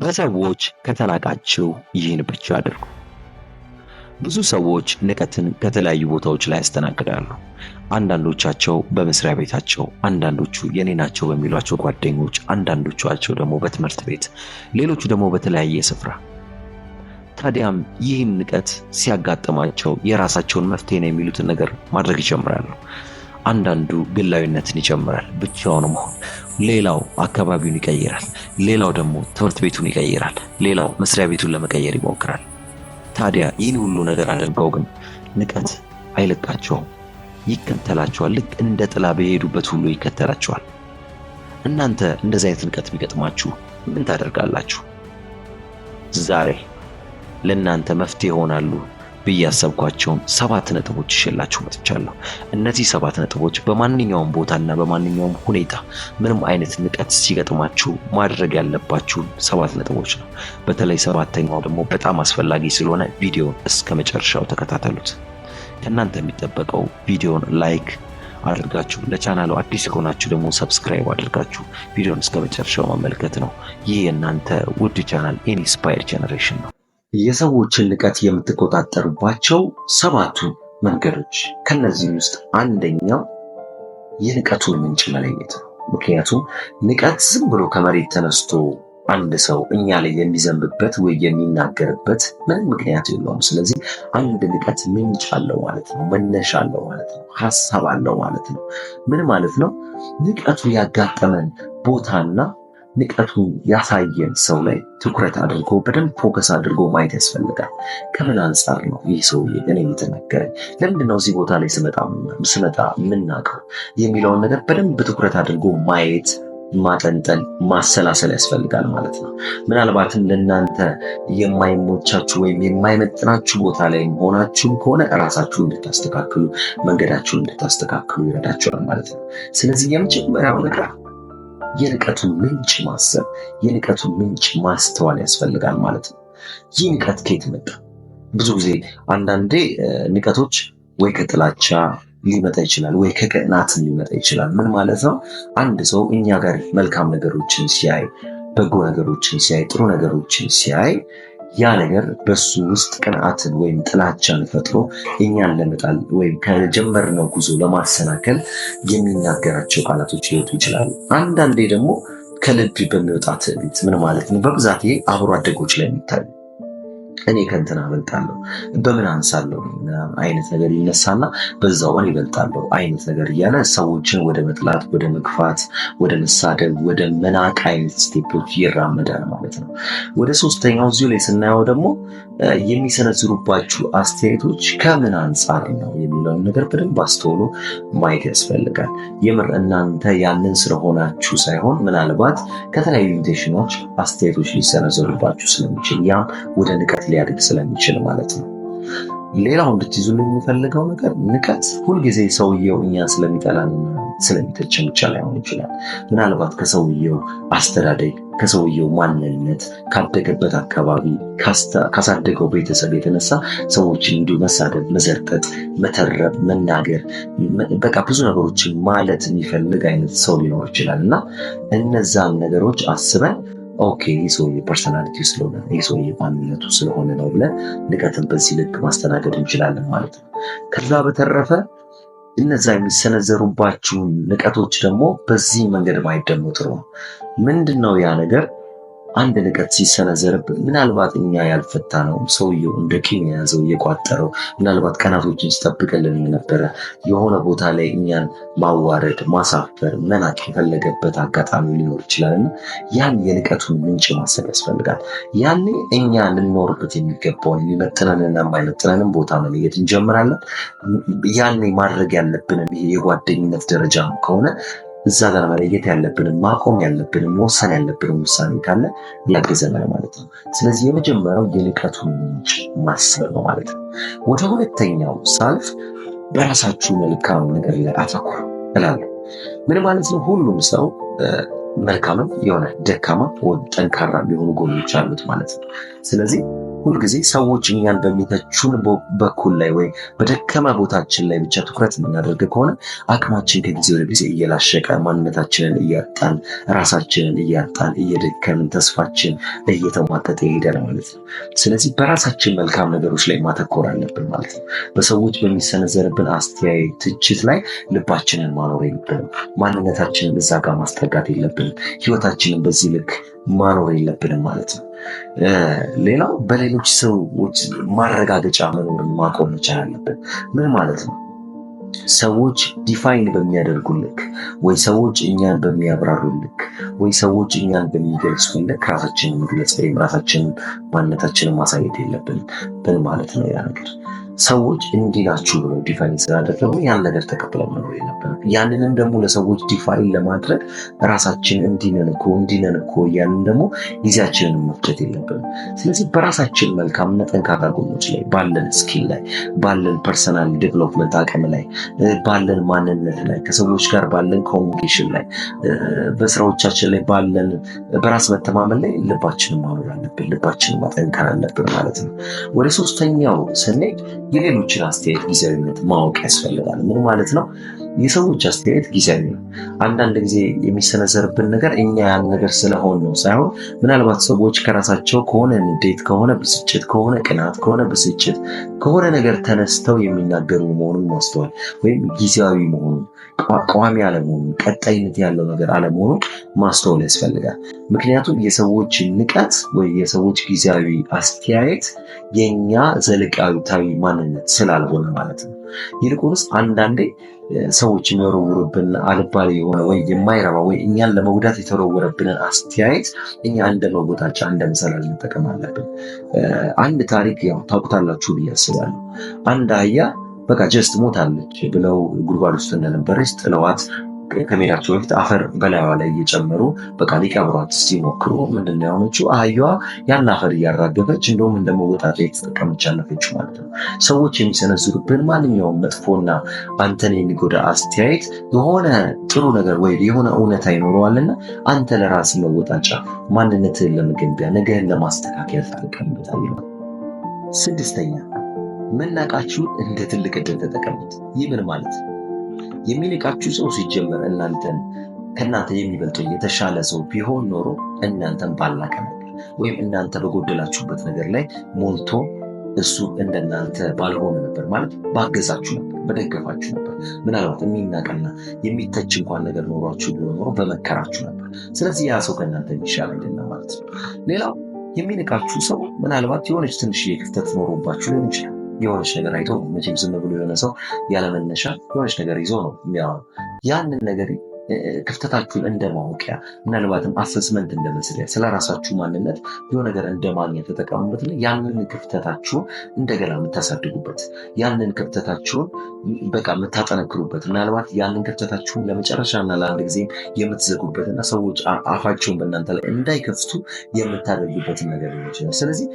በሰዎች ከተናቃችሁ ይህን ብቻ አድርጉ። ብዙ ሰዎች ንቀትን ከተለያዩ ቦታዎች ላይ ያስተናግዳሉ። አንዳንዶቻቸው በመስሪያ ቤታቸው፣ አንዳንዶቹ የኔ ናቸው በሚሏቸው ጓደኞች፣ አንዳንዶቻቸው ደግሞ በትምህርት ቤት፣ ሌሎቹ ደግሞ በተለያየ ስፍራ። ታዲያም ይህን ንቀት ሲያጋጥማቸው የራሳቸውን መፍትሄ ነው የሚሉትን ነገር ማድረግ ይጀምራሉ። አንዳንዱ ግላዊነትን ይጨምራል፣ ብቻውን መሆን። ሌላው አካባቢውን ይቀይራል፣ ሌላው ደግሞ ትምህርት ቤቱን ይቀይራል፣ ሌላው መስሪያ ቤቱን ለመቀየር ይሞክራል። ታዲያ ይህን ሁሉ ነገር አድርገው ግን ንቀት አይለቃቸውም፣ ይከተላቸዋል። ልክ እንደ ጥላ በሄዱበት ሁሉ ይከተላቸዋል። እናንተ እንደዚህ አይነት ንቀት ቢገጥማችሁ ምን ታደርጋላችሁ? ዛሬ ለእናንተ መፍትሄ ይሆናሉ ብዬ ያሰብኳቸውን ሰባት ነጥቦች ይዤላችሁ መጥቻለሁ። እነዚህ ሰባት ነጥቦች በማንኛውም ቦታና በማንኛውም ሁኔታ ምንም አይነት ንቀት ሲገጥማችሁ ማድረግ ያለባችሁ ሰባት ነጥቦች ነው። በተለይ ሰባተኛው ደግሞ በጣም አስፈላጊ ስለሆነ ቪዲዮን እስከ መጨረሻው ተከታተሉት። ከእናንተ የሚጠበቀው ቪዲዮን ላይክ አድርጋችሁ ለቻናሉ አዲስ የሆናችሁ ደግሞ ሰብስክራይብ አድርጋችሁ ቪዲዮን እስከ መጨረሻው መመልከት ነው። ይህ የእናንተ ውድ ቻናል ኢንስፓየር ጀነሬሽን ነው። የሰዎችን ንቀት የምትቆጣጠሩባቸው ሰባቱ መንገዶች። ከነዚህ ውስጥ አንደኛው የንቀቱን ምንጭ መለየት ነው። ምክንያቱም ንቀት ዝም ብሎ ከመሬት ተነስቶ አንድ ሰው እኛ ላይ የሚዘንብበት ወይ የሚናገርበት ምንም ምክንያት የለውም። ስለዚህ አንድ ንቀት ምንጭ አለው ማለት ነው፣ መነሻ አለው ማለት ነው፣ ሀሳብ አለው ማለት ነው። ምን ማለት ነው? ንቀቱ ያጋጠመን ቦታና ንቀቱ ያሳየን ሰው ላይ ትኩረት አድርጎ በደንብ ፎከስ አድርጎ ማየት ያስፈልጋል። ከምን አንጻር ነው ይህ ሰው እኔ የተነገረኝ? ነው እዚህ ቦታ ላይ ስመጣ ምናቀው የሚለውን ነገር በደንብ ትኩረት አድርጎ ማየት ማጠንጠን ማሰላሰል ያስፈልጋል ማለት ነው። ምናልባትም ለእናንተ የማይሞቻችሁ ወይም የማይመጥናችሁ ቦታ ላይ መሆናችሁም ከሆነ እራሳችሁ እንድታስተካክሉ መንገዳችሁን እንድታስተካክሉ ይረዳችኋል ማለት ነው። ስለዚህ የመጀመሪያው ነገር የንቀቱን ምንጭ ማሰብ፣ የንቀቱን ምንጭ ማስተዋል ያስፈልጋል ማለት ነው። ይህ ንቀት ከየት መጣ? ብዙ ጊዜ አንዳንዴ ንቀቶች ወይ ከጥላቻ ሊመጣ ይችላል፣ ወይ ከቅናትም ሊመጣ ይችላል። ምን ማለት ነው? አንድ ሰው እኛ ጋር መልካም ነገሮችን ሲያይ፣ በጎ ነገሮችን ሲያይ፣ ጥሩ ነገሮችን ሲያይ ያ ነገር በሱ ውስጥ ቅንዓትን ወይም ጥላቻን ፈጥሮ እኛን ለመጣል ወይም ከጀመርነው ጉዞ ለማሰናከል የሚናገራቸው ቃላቶች ሊወጡ ይችላሉ። አንዳንዴ ደግሞ ከልብ በሚወጣ ትዕቢት ምን ማለት ነው? በብዛት ይሄ አብሮ አደጎች ላይ የሚታዩ እኔ ከንትን አበልጣለሁ በምን አንሳለሁ አይነት ነገር ይነሳና በዛው እኔ ይበልጣለሁ አይነት ነገር እያለ ሰዎችን ወደ መጥላት፣ ወደ መግፋት፣ ወደ መሳደብ፣ ወደ መናቅ አይነት ስቴፖች ይራመዳል ማለት ነው። ወደ ሶስተኛው እዚሁ ላይ ስናየው ደግሞ የሚሰነዝሩባችሁ አስተያየቶች ከምን አንጻር ነው የሚለውን ነገር በደንብ አስተውሎ ማየት ያስፈልጋል። የምር እናንተ ያንን ስለሆናችሁ ሳይሆን ምናልባት ከተለያዩ ኢንቴንሽኖች አስተያየቶች ሊሰነዘሩባችሁ ስለሚችል ያም ወደ ንቀት ሊያድግ ስለሚችል ማለት ነው። ሌላው እንድትይዙልን የሚፈልገው ነገር ንቀት ሁልጊዜ ሰውየው እኛ ስለሚጠላንና ስለሚተች ብቻ ላይሆን ይችላል። ምናልባት ከሰውየው አስተዳደግ፣ ከሰውየው ማንነት፣ ካደገበት አካባቢ፣ ካሳደገው ቤተሰብ የተነሳ ሰዎችን እንዲሁ መሳደብ፣ መዘርጠጥ፣ መተረብ፣ መናገር፣ በቃ ብዙ ነገሮችን ማለት የሚፈልግ አይነት ሰው ሊኖር ይችላል እና እነዛን ነገሮች አስበን ኦኬ ይህ ሰውዬ ፐርሰናሊቲው ስለሆነ ይህ ሰውዬ ማንነቱ ስለሆነ ነው ብለን ንቀትን በዚህ ልክ ማስተናገድ እንችላለን ማለት ነው። ከዛ በተረፈ እነዛ የሚሰነዘሩባቸውን ንቀቶች ደግሞ በዚህ መንገድ ማይደመጥሩ ነው። ምንድን ነው ያ ነገር? አንድ ንቀት ሲሰነዘርብን ምናልባት እኛ ያልፈታ ነው ሰውየው እንደ ኬን የያዘው የቋጠረው ምናልባት ቀናቶችን ሲጠብቅልን ነበረ የሆነ ቦታ ላይ እኛን ማዋረድ፣ ማሳፈር፣ መናቅ የፈለገበት አጋጣሚ ሊኖር ይችላል እና ያን የንቀቱን ምንጭ ማሰብ ያስፈልጋል። ያኔ እኛ ልንኖርበት የሚገባውን የሚመጥነንና የማይመጥነንን ቦታ መለየት እንጀምራለን። ያኔ ማድረግ ያለብንን የጓደኝነት ደረጃ ከሆነ እዛ ጋር መለየት ያለብንም ማቆም ያለብንም መወሰን ያለብንም ውሳኔ ካለ ያገዘናል ማለት ነው። ስለዚህ የመጀመሪያው የንቀቱን ምንጭ ማሰብ ነው ማለት ነው። ወደ ሁለተኛው ሳልፍ በራሳችሁ መልካም ነገር ላይ አተኩር እላለሁ። ምን ማለት ነው? ሁሉም ሰው መልካምም የሆነ ደካማ ጠንካራ የሆኑ ጎኖች አሉት ማለት ነው። ስለዚህ ሁልጊዜ ሰዎች እኛን በሚተቹን በኩል ላይ ወይም በደከማ ቦታችን ላይ ብቻ ትኩረት የምናደርግ ከሆነ አቅማችን ከጊዜ ወደ ጊዜ እየላሸቀ ማንነታችንን እያጣን ራሳችንን እያጣን እየደከምን ተስፋችን እየተሟጠጠ ይሄዳል ማለት ነው። ስለዚህ በራሳችን መልካም ነገሮች ላይ ማተኮር አለብን ማለት ነው። በሰዎች በሚሰነዘርብን አስተያየት፣ ትችት ላይ ልባችንን ማኖር የለብንም። ማንነታችንን እዛ ጋር ማስጠጋት የለብንም። ህይወታችንን በዚህ ልክ ማኖር የለብንም ማለት ነው። ሌላው በሌሎች ሰዎች ማረጋገጫ መኖርን ማቆም መቻል አለብን። ምን ማለት ነው? ሰዎች ዲፋይን በሚያደርጉ ልክ ወይ ሰዎች እኛን በሚያብራሩ ልክ ወይ ሰዎች እኛን በሚገልጹ ልክ ራሳችንን መግለጽ ወይም ራሳችንን ማንነታችንን ማሳየት የለብን ምን ማለት ነው ያ ነገር? ሰዎች እንዲህ ናችሁ ብሎ ዲፋይን ስላደረጉ ያን ነገር ተቀብለ መኖር የነበረ ያንንም ደግሞ ለሰዎች ዲፋይን ለማድረግ ራሳችን እንዲነንኮ እኮ እያንን እኮ ደግሞ ጊዜያችንን መፍጨት የለብንም። ስለዚህ በራሳችን መልካምና ጠንካራ ጎኖች ላይ ባለን ስኪል ላይ ባለን ፐርሰናል ዴቨሎፕመንት አቅም ላይ ባለን ማንነት ላይ ከሰዎች ጋር ባለን ኮሚኒኬሽን ላይ በስራዎቻችን ላይ ባለን በራስ መተማመን ላይ ልባችንን ማኖር አለብን። ልባችንን ማጠንከር አለብን ማለት ነው። ወደ ሶስተኛው ስንሄድ የሌሎችን አስተያየት ጊዜያዊነት ማወቅ ያስፈልጋል። ምን ማለት ነው? የሰዎች አስተያየት ጊዜያዊ ነው። አንዳንድ ጊዜ የሚሰነዘርብን ነገር እኛ ያን ነገር ስለሆን ነው ሳይሆን ምናልባት ሰዎች ከራሳቸው ከሆነ ንዴት፣ ከሆነ ብስጭት፣ ከሆነ ቅናት፣ ከሆነ ብስጭት፣ ከሆነ ነገር ተነስተው የሚናገሩ መሆኑን ማስተዋል ወይም ጊዜያዊ መሆኑን ቋሚ አለመሆኑ ቀጣይነት ያለው ነገር አለመሆኑ ማስተዋል ያስፈልጋል። ምክንያቱም የሰዎች ንቀት ወይ የሰዎች ጊዜያዊ አስተያየት የኛ ዘላቂያዊ ማንነት ስላልሆነ ማለት ነው። ይልቁንስ አንዳንዴ ሰዎች የሚወረውሩብን አልባሌ የሆነ ወይ የማይረባ ወይ እኛን ለመጉዳት የተወረወረብንን አስተያየት እኛ እንደ መጎታቻ እንደ መሰላል መጠቀም አለብን። አንድ ታሪክ ያው ታውቁታላችሁ ብዬ አስባለሁ። አንድ አህያ በቃ ጀስት ሞታለች ብለው ጉድጓድ ውስጥ እንደነበረች ጥለዋት ከሜዳቸው በፊት አፈር በላይዋ ላይ እየጨመሩ በቃ ሊቀብሯት ሲሞክሩ ምንድን ነው የሆነችው? አህያዋ ያን አፈር እያራገፈች እንደውም እንደ መወጣጫ የተጠቀመች አለፈችው ማለት ነው። ሰዎች የሚሰነዝሩብን ማንኛውም መጥፎና አንተን የሚጎዳ አስተያየት የሆነ ጥሩ ነገር ወይ የሆነ እውነታ ይኖረዋልና አንተ ለራስ መወጣጫ፣ ማንነትህን ለመገንቢያ፣ ነገህን ለማስተካከል ታቀምበታል። ስድስተኛ መናቃችሁን እንደ ትልቅ እድል ተጠቀሙት። ይህ ምን ማለት ነው? የሚንቃችሁ ሰው ሲጀመር እናንተን ከእናንተ የሚበልጡ የተሻለ ሰው ቢሆን ኖሮ እናንተን ባላቀ ነበር፣ ወይም እናንተ በጎደላችሁበት ነገር ላይ ሞልቶ እሱ እንደናንተ ባልሆነ ነበር። ማለት ባገዛችሁ ነበር፣ በደገፋችሁ ነበር። ምናልባት የሚናቀና የሚተች እንኳን ነገር ኖሯችሁ ቢሆን ኖሮ በመከራችሁ ነበር። ስለዚህ ያ ሰው ከእናንተ የሚሻል አይደለም ማለት ነው። ሌላው የሚንቃችሁ ሰው ምናልባት የሆነች ትንሽዬ ክፍተት ኖሮባችሁ ሊሆን ይችላል የሆነች ነገር አይቶ መቼም ዝም ብሎ የሆነ ሰው ያለመነሻ የሆነች ነገር ይዞ ነው የሚያወራው። ያንን ነገር ክፍተታችሁን እንደ ማወቂያ ምናልባትም አሰስመንት እንደ መስሪያ ስለ ራሳችሁ ማንነት ብዙ ነገር እንደ ማግኘት ተጠቀሙበት። ያንን ክፍተታችሁን እንደገና የምታሳድጉበት ያንን ክፍተታችሁን በቃ የምታጠነክሩበት ምናልባት ያንን ክፍተታችሁን ለመጨረሻና ለአንድ ጊዜም እና ሰዎች አፋቸውን በእናንተ ላይ እንዳይከፍቱ የምታደርጉበትን ነገር ሊሆን ይችላል። ስለዚህ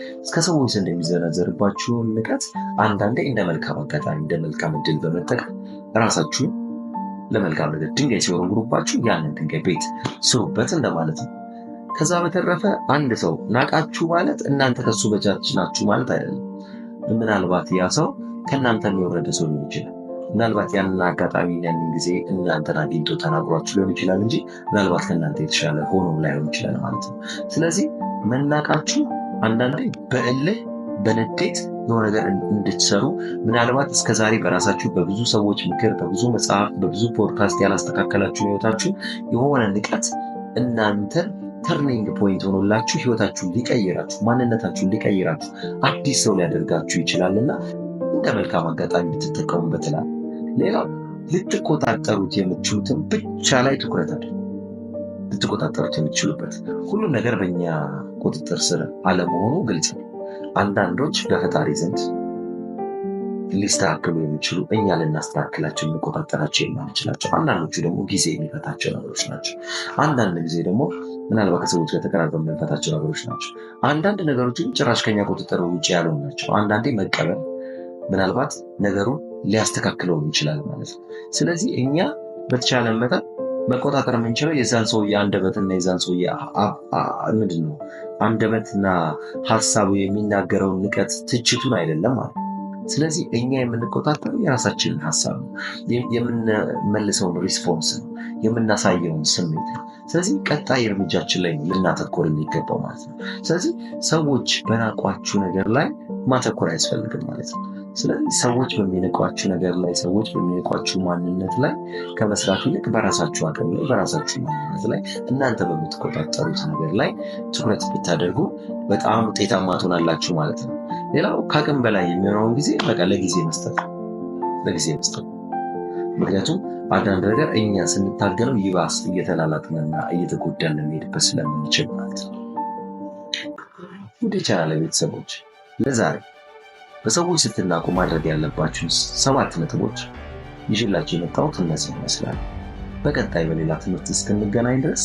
ዘንድ እንደሚዘነዘርባችሁን ንቀት አንዳንዴ እንደ መልካም አጋጣሚ እንደ መልካም እድል በመጠቀም ራሳችሁን ለመልካም ነገር ድንጋይ ሲወረውሩባችሁ ያንን ድንጋይ ቤት ስሩበት እንደማለት ነው። ከዛ በተረፈ አንድ ሰው ናቃችሁ ማለት እናንተ ከሱ በጃች ናችሁ ማለት አይደለም። ምናልባት ያ ሰው ከእናንተ የወረደ ሰው ሊሆን ይችላል። ምናልባት ያንን አጋጣሚ ያንን ጊዜ እናንተን አግኝቶ ተናግሯችሁ ሊሆን ይችላል እንጂ ምናልባት ከእናንተ የተሻለ ሆኖም ላይሆን ይችላል ማለት ነው። ስለዚህ መናቃችሁ አንዳንዴ በእልህ በንዴት የሆነ ነገር እንድትሰሩ ምናልባት እስከዛሬ በራሳችሁ በብዙ ሰዎች ምክር፣ በብዙ መጽሐፍ፣ በብዙ ፖድካስት ያላስተካከላችሁ ህይወታችሁ የሆነ ንቀት እናንተን ተርኒንግ ፖይንት ሆኖላችሁ ህይወታችሁን ሊቀይራችሁ ማንነታችሁን ሊቀይራችሁ አዲስ ሰው ሊያደርጋችሁ ይችላልና እንደ መልካም አጋጣሚ ብትጠቀሙበት እላለሁ። ሌላው ልትቆጣጠሩት የምችሉትን ብቻ ላይ ትኩረት አድርጉ። ልትቆጣጠሩት የምችሉበት ሁሉም ነገር በእኛ ቁጥጥር ስር አለመሆኑ ግልጽ ነው። አንዳንዶች በፈጣሪ ዘንድ ሊስተካከሉ የሚችሉ እኛ ልናስተካክላቸው የሚቆጣጠራቸው የማንችላቸው፣ አንዳንዶቹ ደግሞ ጊዜ የሚፈታቸው ነገሮች ናቸው። አንዳንድ ጊዜ ደግሞ ምናልባት ከሰዎች ጋር ተቀራርበን የምንፈታቸው ነገሮች ናቸው። አንዳንድ ነገሮች ጭራሽ ከኛ ቁጥጥር ውጭ ያሉ ናቸው። አንዳንዴ መቀበል ምናልባት ነገሩን ሊያስተካክለውም ይችላል ማለት ነው። ስለዚህ እኛ በተቻለ መጠን መቆጣጠር የምንችለው የዛን ሰውዬ የአንደበትና የዛን ሰውዬ ምንድን ነው አንደበትና ሀሳቡ የሚናገረውን ንቀት ትችቱን አይደለም ማለት ስለዚህ እኛ የምንቆጣጠረው የራሳችንን ሀሳብ ነው፣ የምንመልሰውን ሪስፖንስ ነው፣ የምናሳየውን ስሜት ነው። ስለዚህ ቀጣይ እርምጃችን ላይ ልናተኮር የሚገባው ማለት ነው። ስለዚህ ሰዎች በናቋችሁ ነገር ላይ ማተኮር አያስፈልግም ማለት ነው። ስለዚህ ሰዎች በሚንቋችሁ ነገር ላይ ሰዎች በሚንቋችሁ ማንነት ላይ ከመስራት ይልቅ በራሳችሁ አቅም ላይ በራሳችሁ ማንነት ላይ እናንተ በምትቆጣጠሩት ነገር ላይ ትኩረት ብታደርጉ በጣም ውጤታማ ትሆናላችሁ ማለት ነው። ሌላው ከአቅም በላይ የሚሆነውን ጊዜ በቃ ለጊዜ መስጠት ለጊዜ መስጠት። ምክንያቱም አንዳንድ ነገር እኛ ስንታገለው ይባስ እየተላላጥንና እየተጎዳን ለመሄድበት ስለምንችል ማለት ነው። ውድ የቻናል ቤተሰቦች ለዛሬ በሰዎች ስትናቁ ማድረግ ያለባችሁን ሰባት ነጥቦች ይዤላችሁ የመጣሁት እነዚህ ይመስላል። በቀጣይ በሌላ ትምህርት እስክንገናኝ ድረስ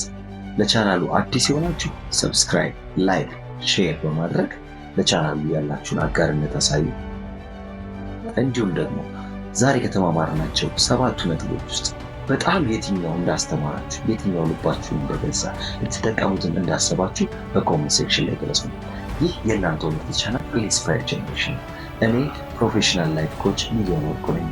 ለቻናሉ አዲስ የሆናችሁ ሰብስክራይብ፣ ላይክ፣ ሼር በማድረግ ለቻናሉ ያላችሁን አጋርነት አሳዩ። እንዲሁም ደግሞ ዛሬ ከተማማርናቸው ሰባቱ ነጥቦች ውስጥ በጣም የትኛው እንዳስተማራችሁ የትኛው ልባችሁ እንደገዛ ልትጠቀሙትን እንዳሰባችሁ በኮሜንት ሴክሽን ላይ ገለጹ። ይህ የእናንተ ምርት ቻናል ኢንስፓየር ጀኔሬሽን እኔ ፕሮፌሽናል ላይፍ ኮች ሚሊዮን ወርቁ ነኝ።